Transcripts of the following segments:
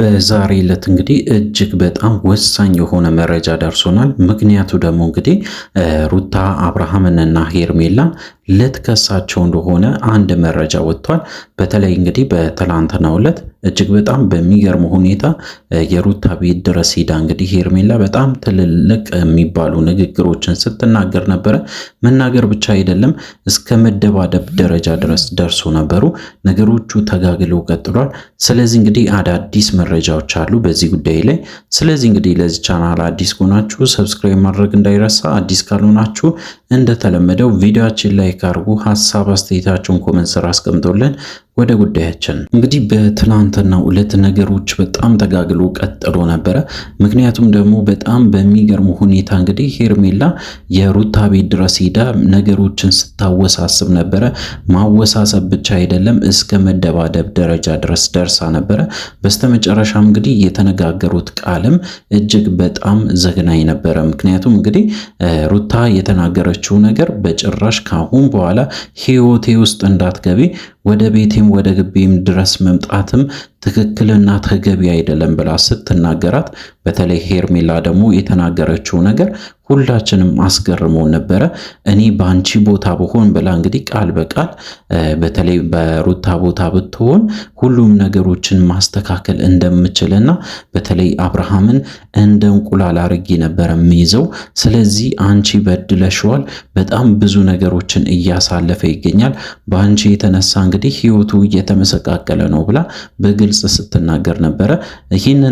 በዛሬ ዕለት እንግዲህ እጅግ በጣም ወሳኝ የሆነ መረጃ ደርሶናል። ምክንያቱ ደግሞ እንግዲህ ሩታ አብርሃምንና ሄርሜላን ልትከሳቸው እንደሆነ አንድ መረጃ ወጥቷል። በተለይ እንግዲህ በትላንትናው ዕለት እጅግ በጣም በሚገርም ሁኔታ የሩታ ቤት ድረስ ሄዳ እንግዲህ ሄርሜላ በጣም ትልልቅ የሚባሉ ንግግሮችን ስትናገር ነበረ። መናገር ብቻ አይደለም እስከ መደባደብ ደረጃ ድረስ ደርሶ ነበሩ። ነገሮቹ ተጋግለው ቀጥሏል። ስለዚህ እንግዲህ አዳዲስ መረጃዎች አሉ በዚህ ጉዳይ ላይ። ስለዚህ እንግዲህ ለዚህ ቻናል አዲስ ከሆናችሁ ሰብስክራይብ ማድረግ እንዳይረሳ፣ አዲስ ካልሆናችሁ እንደተለመደው ቪዲዮችን ላይ ላይክ አድርጉ። ሀሳብ አስተያየታችሁን ኮመንት ስራ አስቀምጦልን ወደ ጉዳያችን እንግዲህ በትናንትናው ዕለት ነገሮች በጣም ተጋግሎ ቀጥሎ ነበረ። ምክንያቱም ደግሞ በጣም በሚገርሙ ሁኔታ እንግዲህ ሄርሜላ የሩታ ቤት ድረስ ሄዳ ነገሮችን ስታወሳስብ ነበረ። ማወሳሰብ ብቻ አይደለም እስከ መደባደብ ደረጃ ድረስ ደርሳ ነበረ። በስተመጨረሻም እንግዲህ የተነጋገሩት ቃልም እጅግ በጣም ዘግናኝ ነበረ። ምክንያቱም እንግዲህ ሩታ የተናገረችው ነገር በጭራሽ ካሁን በኋላ ሕይወቴ ውስጥ እንዳትገቢ ወደ ቤቴም ወደ ግቤም ድረስ መምጣትም ትክክልና ተገቢ አይደለም ብላ ስትናገራት፣ በተለይ ሄርሜላ ደግሞ የተናገረችው ነገር ሁላችንም አስገርሞ ነበረ። እኔ በአንቺ ቦታ ብሆን ብላ እንግዲህ ቃል በቃል በተለይ በሩታ ቦታ ብትሆን ሁሉም ነገሮችን ማስተካከል እንደምችልና በተለይ አብርሃምን እንደ እንቁላል አርጌ ነበር የሚይዘው። ስለዚህ አንቺ በድለሽዋል። በጣም ብዙ ነገሮችን እያሳለፈ ይገኛል። በአንቺ የተነሳ እንግዲህ ህይወቱ እየተመሰቃቀለ ነው ብላ በግል በግልጽ ስትናገር ነበረ። ይህን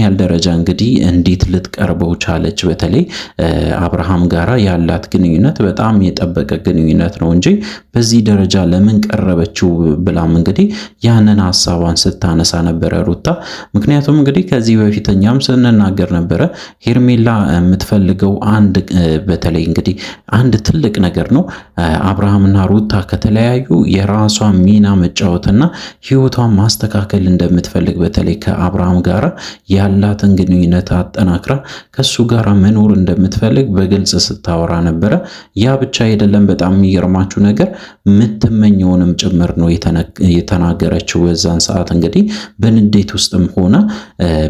ያህል ደረጃ እንግዲህ እንዴት ልትቀርበው ቻለች? በተለይ አብርሃም ጋራ ያላት ግንኙነት በጣም የጠበቀ ግንኙነት ነው እንጂ በዚህ ደረጃ ለምን ቀረበችው ብላም እንግዲህ ያንን ሀሳቧን ስታነሳ ነበረ ሩታ። ምክንያቱም እንግዲህ ከዚህ በፊት እኛም ስንናገር ነበረ ሄርሜላ የምትፈልገው አንድ በተለይ እንግዲህ አንድ ትልቅ ነገር ነው። አብርሃምና ሩታ ከተለያዩ የራሷ ሚና መጫወትና ህይወቷን ማስተካከል እንደ እንደምትፈልግ በተለይ ከአብርሃም ጋር ያላትን ግንኙነት አጠናክራ ከሱ ጋር መኖር እንደምትፈልግ በግልጽ ስታወራ ነበረ። ያ ብቻ አይደለም። በጣም የሚገርማችሁ ነገር የምትመኘውንም ጭምር ነው የተናገረችው። በዛን ሰዓት እንግዲህ በንዴት ውስጥም ሆና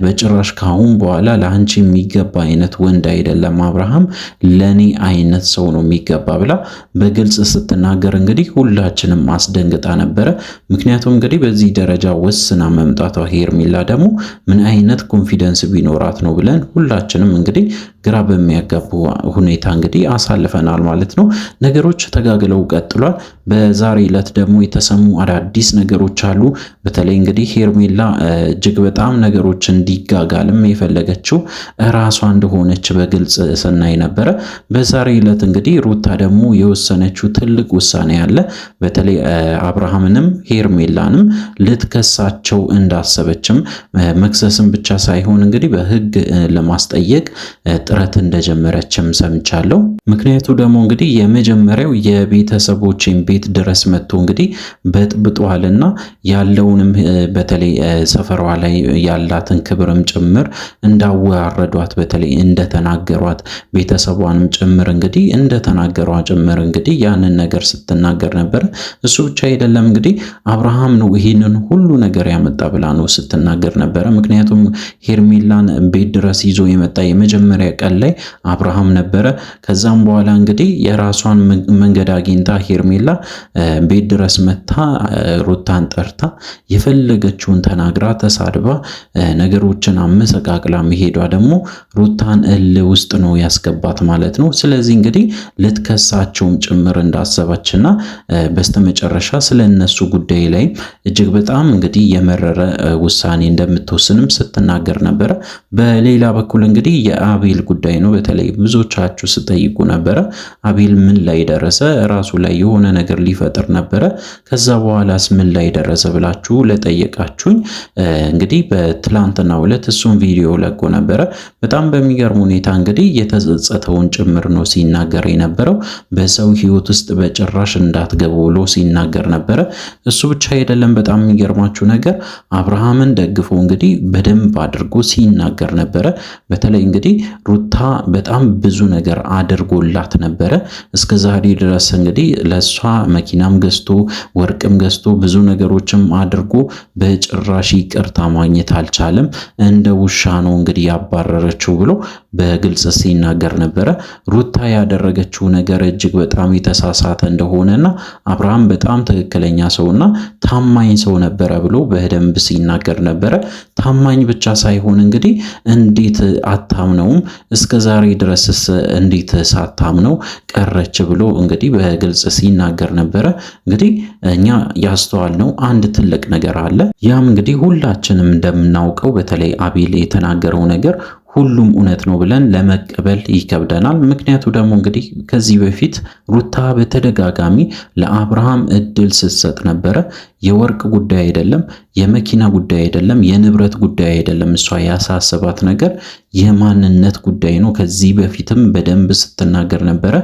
በጭራሽ ካሁን በኋላ ለአንቺ የሚገባ አይነት ወንድ አይደለም አብርሃም፣ ለእኔ አይነት ሰው ነው የሚገባ ብላ በግልጽ ስትናገር እንግዲህ ሁላችንም አስደንግጣ ነበረ። ምክንያቱም እንግዲህ በዚህ ደረጃ ወስና መምጣቷ ሄርሜላ ደግሞ ምን አይነት ኮንፊደንስ ቢኖራት ነው ብለን ሁላችንም እንግዲህ ግራ በሚያጋቡ ሁኔታ እንግዲህ አሳልፈናል ማለት ነው። ነገሮች ተጋግለው ቀጥሏል። በዛሬ ዕለት ደግሞ የተሰሙ አዳዲስ ነገሮች አሉ። በተለይ እንግዲህ ሄርሜላ እጅግ በጣም ነገሮች እንዲጋጋልም የፈለገችው ራሷ እንደሆነች በግልጽ ስናይ ነበረ። በዛሬ ዕለት እንግዲህ ሩታ ደግሞ የወሰነችው ትልቅ ውሳኔ አለ። በተለይ አብርሃምንም ሄርሜላንም ልትከሳቸው እንዳሰበችም መክሰስም ብቻ ሳይሆን እንግዲህ በህግ ለማስጠየቅ ጥረት እንደጀመረችም ሰምቻለሁ። ምክንያቱ ደግሞ እንግዲህ የመጀመሪያው የቤተሰቦችን ቤት ድረስ መጥቶ እንግዲህ በጥብጧልና ያለውንም በተለይ ሰፈሯ ላይ ያላትን ክብርም ጭምር እንዳወራረዷት በተለይ እንደተናገሯት ቤተሰቧንም ጭምር እንግዲህ እንደተናገሯ ጭምር እንግዲህ ያንን ነገር ስትናገር ነበር። እሱ ብቻ አይደለም እንግዲህ አብርሃም ነው ይህንን ሁሉ ነገር ያመጣ ብላ ነው ስትናገር ነበረ። ምክንያቱም ሄርሜላን ቤት ድረስ ይዞ የመጣ የመጀመሪያ ቀን ላይ አብርሃም ነበረ። ከዛም በኋላ እንግዲህ የራሷን መንገድ አግኝታ ሄርሜላ ቤት ድረስ መታ ሩታን ጠርታ የፈለገችውን ተናግራ ተሳድባ ነገሮችን አመሰቃቅላ መሄዷ ደግሞ ሩታን እል ውስጥ ነው ያስገባት ማለት ነው። ስለዚህ እንግዲህ ልትከሳቸውም ጭምር እንዳሰበችና በስተመጨረሻ ስለ እነሱ ጉዳይ ላይ እጅግ በጣም እንግዲህ የመረረ ውሳኔ እንደምትወስንም ስትናገር ነበረ። በሌላ በኩል እንግዲህ የአቤል ጉዳይ ነው። በተለይ ብዙዎቻችሁ ስጠይቁ ነበረ አቤል ምን ላይ ደረሰ? ራሱ ላይ የሆነ ነገር ሊፈጥር ነበረ፣ ከዛ በኋላስ ምን ላይ ደረሰ ብላችሁ ለጠየቃችሁኝ እንግዲህ በትላንትና ዕለት እሱን ቪዲዮ ለቆ ነበረ። በጣም በሚገርም ሁኔታ እንግዲህ የተጸጸተውን ጭምር ነው ሲናገር የነበረው። በሰው ህይወት ውስጥ በጭራሽ እንዳትገቡ ብሎ ሲናገር ነበረ። እሱ ብቻ አይደለም። በጣም የሚገርማችሁ ነገር አብርሃምን ደግፎ እንግዲህ በደንብ አድርጎ ሲናገር ነበረ። በተለይ እንግዲህ ሩታ በጣም ብዙ ነገር አድርጎላት ነበረ። እስከ ዛሬ ድረስ እንግዲህ ለእሷ መኪናም ገዝቶ ወርቅም ገዝቶ ብዙ ነገሮችም አድርጎ በጭራሽ ይቅርታ ማግኘት አልቻለም። እንደ ውሻ ነው እንግዲህ ያባረረችው ብሎ በግልጽ ሲናገር ነበረ። ሩታ ያደረገችው ነገር እጅግ በጣም የተሳሳተ እንደሆነና አብርሃም በጣም ትክክለኛ ሰውና ታማኝ ሰው ነበረ ብሎ በደንብ ሲናገር ነበረ። ታማኝ ብቻ ሳይሆን እንግዲህ እንዴት አታምነውም እስከ ዛሬ ድረስስ እንዴት ሳታምነው ቀረች ብሎ እንግዲህ በግልጽ ሲናገር ነበረ። እንግዲህ እኛ ያስተዋልነው አንድ ትልቅ ነገር አለ። ያም እንግዲህ ሁላችንም እንደምናውቀው በተለይ አቤል የተናገረው ነገር ሁሉም እውነት ነው ብለን ለመቀበል ይከብደናል። ምክንያቱ ደግሞ እንግዲህ ከዚህ በፊት ሩታ በተደጋጋሚ ለአብርሃም እድል ስትሰጥ ነበረ። የወርቅ ጉዳይ አይደለም፣ የመኪና ጉዳይ አይደለም፣ የንብረት ጉዳይ አይደለም። እሷ ያሳሰባት ነገር የማንነት ጉዳይ ነው። ከዚህ በፊትም በደንብ ስትናገር ነበረ።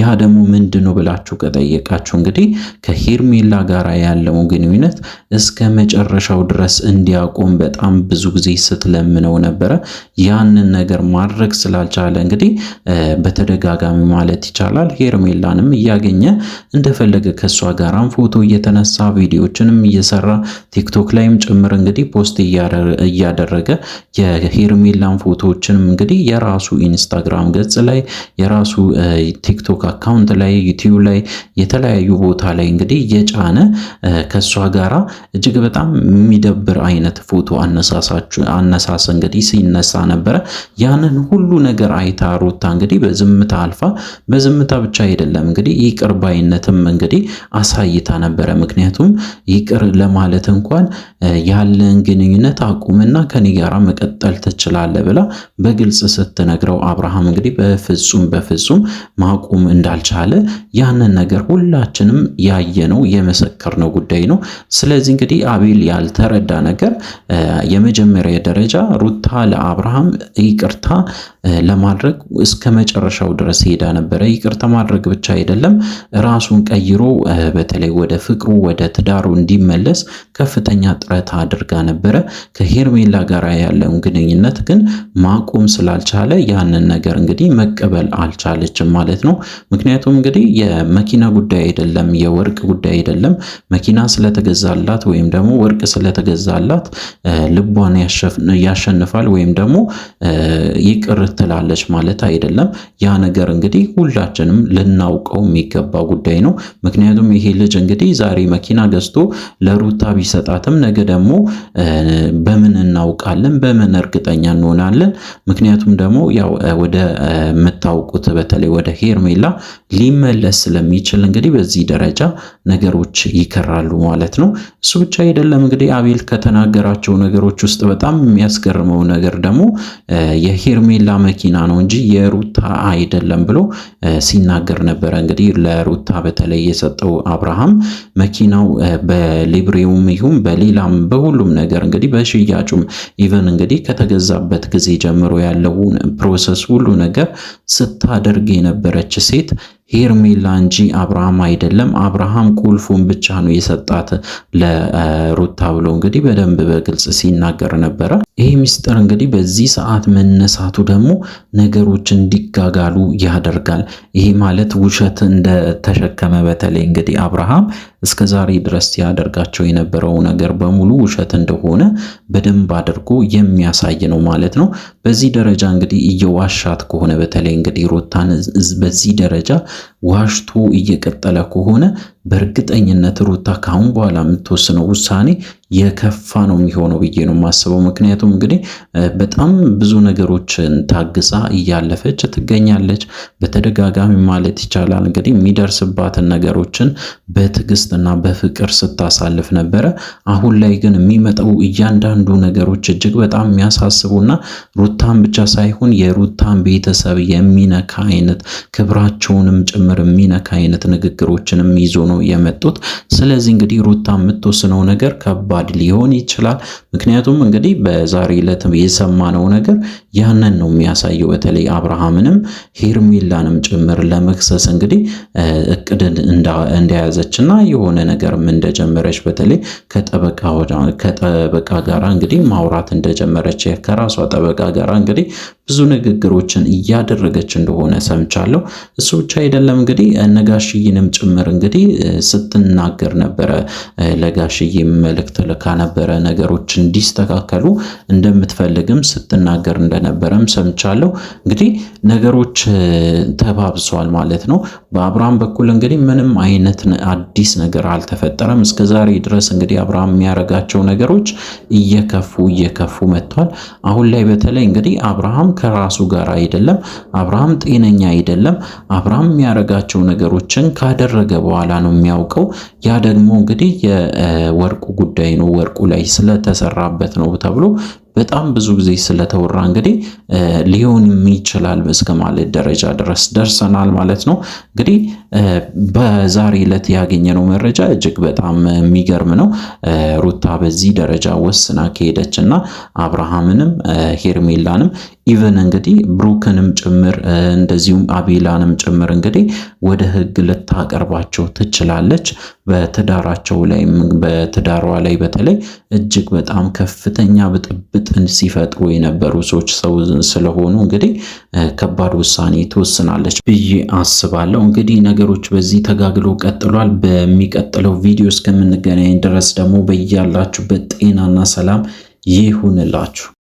ያ ደግሞ ምንድን ነው ብላችሁ ከጠየቃችሁ እንግዲህ ከሄርሜላ ጋር ያለው ግንኙነት እስከ መጨረሻው ድረስ እንዲያቆም በጣም ብዙ ጊዜ ስትለምነው ነበረ። ያንን ነገር ማድረግ ስላልቻለ እንግዲህ በተደጋጋሚ ማለት ይቻላል ሄርሜላንም እያገኘ እንደፈለገ ከእሷ ጋራም ፎቶ እየተነሳ ቪዲዮችንም እየሰራ ቲክቶክ ላይም ጭምር እንግዲህ ፖስት እያደረገ የሄርሜላን ፎቶ ቪዲዮዎችንም እንግዲህ የራሱ ኢንስታግራም ገጽ ላይ የራሱ ቲክቶክ አካውንት ላይ ዩቲዩብ ላይ የተለያዩ ቦታ ላይ እንግዲህ የጫነ ከእሷ ጋራ እጅግ በጣም የሚደብር አይነት ፎቶ አነሳሰ እንግዲህ ሲነሳ ነበረ። ያንን ሁሉ ነገር አይታ ሩታ እንግዲህ በዝምታ አልፋ በዝምታ ብቻ አይደለም እንግዲህ ይቅር ባይነትም እንግዲህ አሳይታ ነበረ። ምክንያቱም ይቅር ለማለት እንኳን ያለን ግንኙነት አቁምና ከኔ ጋራ መቀጠል ትችላለ ብላ በግልጽ ስትነግረው አብርሃም እንግዲህ በፍጹም በፍጹም ማቆም እንዳልቻለ ያንን ነገር ሁላችንም ያየነው የመሰከርነው ጉዳይ ነው። ስለዚህ እንግዲህ አቤል ያልተረዳ ነገር የመጀመሪያ ደረጃ ሩታ ለአብርሃም ይቅርታ ለማድረግ እስከ መጨረሻው ድረስ ሄዳ ነበረ። ይቅርታ ማድረግ ብቻ አይደለም ራሱን ቀይሮ በተለይ ወደ ፍቅሩ ወደ ትዳሩ እንዲመለስ ከፍተኛ ጥረት አድርጋ ነበረ። ከሄርሜላ ጋር ያለውን ግንኙነት ግን ማቆም ስላልቻለ ያንን ነገር እንግዲህ መቀበል አልቻለችም ማለት ነው። ምክንያቱም እንግዲህ የመኪና ጉዳይ አይደለም፣ የወርቅ ጉዳይ አይደለም። መኪና ስለተገዛላት ወይም ደግሞ ወርቅ ስለተገዛላት ልቧን ያሸንፋል ወይም ደግሞ ይቅር ትላለች ማለት አይደለም። ያ ነገር እንግዲህ ሁላችንም ልናውቀው የሚገባ ጉዳይ ነው። ምክንያቱም ይሄ ልጅ እንግዲህ ዛሬ መኪና ገዝቶ ለሩታ ቢሰጣትም ነገ ደግሞ በምን እናውቃለን? በምን እርግጠኛ እንሆናለን? ምክንያቱም ደግሞ ያው ወደ የምታውቁት በተለይ ወደ ሄርሜላ ሊመለስ ስለሚችል እንግዲህ በዚህ ደረጃ ነገሮች ይከራሉ ማለት ነው። እሱ ብቻ አይደለም እንግዲህ አቤል ከተናገራቸው ነገሮች ውስጥ በጣም የሚያስገርመው ነገር ደግሞ የሄርሜላ መኪና ነው እንጂ የሩታ አይደለም ብሎ ሲናገር ነበረ። እንግዲህ ለሩታ በተለይ የሰጠው አብርሃም መኪናው በሊብሬውም ይሁን በሌላም በሁሉም ነገር እንግዲህ በሽያጩም ኢቨን እንግዲህ ከተገዛበት ጊዜ ጀምሮ ያለውን ፕሮሰስ ሁሉ ነገር ስታደርግ የነበረች ሴት ሄርሜላ እንጂ አብርሃም አይደለም። አብርሃም ቁልፉን ብቻ ነው የሰጣት ለሩታ ብሎ እንግዲህ በደንብ በግልጽ ሲናገር ነበረ። ይህ ሚስጥር እንግዲህ በዚህ ሰዓት መነሳቱ ደግሞ ነገሮች እንዲጋጋሉ ያደርጋል። ይሄ ማለት ውሸት እንደተሸከመ በተለይ እንግዲህ አብርሃም እስከ ዛሬ ድረስ ያደርጋቸው የነበረው ነገር በሙሉ ውሸት እንደሆነ በደንብ አድርጎ የሚያሳይ ነው ማለት ነው። በዚህ ደረጃ እንግዲህ እየዋሻት ከሆነ በተለይ እንግዲህ ሩታን በዚህ ደረጃ ዋሽቶ እየቀጠለ ከሆነ በእርግጠኝነት ሩታ ካሁን በኋላ የምትወስነው ውሳኔ የከፋ ነው የሚሆነው ብዬ ነው የማስበው። ምክንያቱም እንግዲህ በጣም ብዙ ነገሮችን ታግሳ እያለፈች ትገኛለች። በተደጋጋሚ ማለት ይቻላል እንግዲህ የሚደርስባትን ነገሮችን በትዕግስትና በፍቅር ስታሳልፍ ነበረ። አሁን ላይ ግን የሚመጣው እያንዳንዱ ነገሮች እጅግ በጣም የሚያሳስቡና ሩታን ብቻ ሳይሆን የሩታን ቤተሰብ የሚነካ አይነት ክብራቸውንም ጭምር የሚነካ አይነት ንግግሮችንም ይዞ ነው የመጡት። ስለዚህ እንግዲህ ሩታ የምትወስነው ነገር ከባድ ሊሆን ይችላል። ምክንያቱም እንግዲህ በዛሬ ዕለት የሰማነው ነገር ያንን ነው የሚያሳየው። በተለይ አብርሃምንም ሄርሜላንም ጭምር ለመክሰስ እንግዲህ እቅድን እንደያዘችና የሆነ ነገርም እንደጀመረች በተለይ ከጠበቃ ጋር እንግዲህ ማውራት እንደጀመረች ከራሷ ጠበቃ ጋር እንግዲህ ብዙ ንግግሮችን እያደረገች እንደሆነ ሰምቻለሁ። እሱ ብቻ አይደለም እንግዲህ ነጋሽይንም ጭምር እንግዲህ ስትናገር ነበረ። ለጋሽዬም መልእክት ልካ ነበረ ነገሮች እንዲስተካከሉ እንደምትፈልግም ስትናገር እንደነበረም ሰምቻለሁ። እንግዲህ ነገሮች ተባብሷል ማለት ነው። በአብርሃም በኩል እንግዲህ ምንም አይነት አዲስ ነገር አልተፈጠረም። እስከ ዛሬ ድረስ እንግዲህ አብርሃም የሚያደርጋቸው ነገሮች እየከፉ እየከፉ መጥቷል። አሁን ላይ በተለይ እንግዲህ አብርሃም ከራሱ ጋር አይደለም። አብርሃም ጤነኛ አይደለም። አብርሃም የሚያደርጋቸው ነገሮችን ካደረገ በኋላ ነው ነው የሚያውቀው። ያ ደግሞ እንግዲህ የወርቁ ጉዳይ ነው። ወርቁ ላይ ስለተሰራበት ነው ተብሎ በጣም ብዙ ጊዜ ስለተወራ እንግዲህ ሊሆንም ይችላል እስከ ማለት ደረጃ ድረስ ደርሰናል ማለት ነው። እንግዲህ በዛሬ ዕለት ያገኘነው መረጃ እጅግ በጣም የሚገርም ነው። ሩታ በዚህ ደረጃ ወስና ከሄደች እና አብርሃምንም ሄርሜላንም ኢቨን እንግዲህ ብሩክንም ጭምር እንደዚሁም አቤላንም ጭምር እንግዲህ ወደ ህግ ልታቀርባቸው ትችላለች። በትዳራቸው ላይ በትዳሯ ላይ በተለይ እጅግ በጣም ከፍተኛ ብጥብጥን ሲፈጥሩ የነበሩ ሰዎች ሰው ስለሆኑ እንግዲህ ከባድ ውሳኔ ትወስናለች ብዬ አስባለሁ። እንግዲህ ነገሮች በዚህ ተጋግሎ ቀጥሏል። በሚቀጥለው ቪዲዮ እስከምንገናኝ ድረስ ደግሞ በያላችሁበት ጤናና ሰላም ይሁንላችሁ።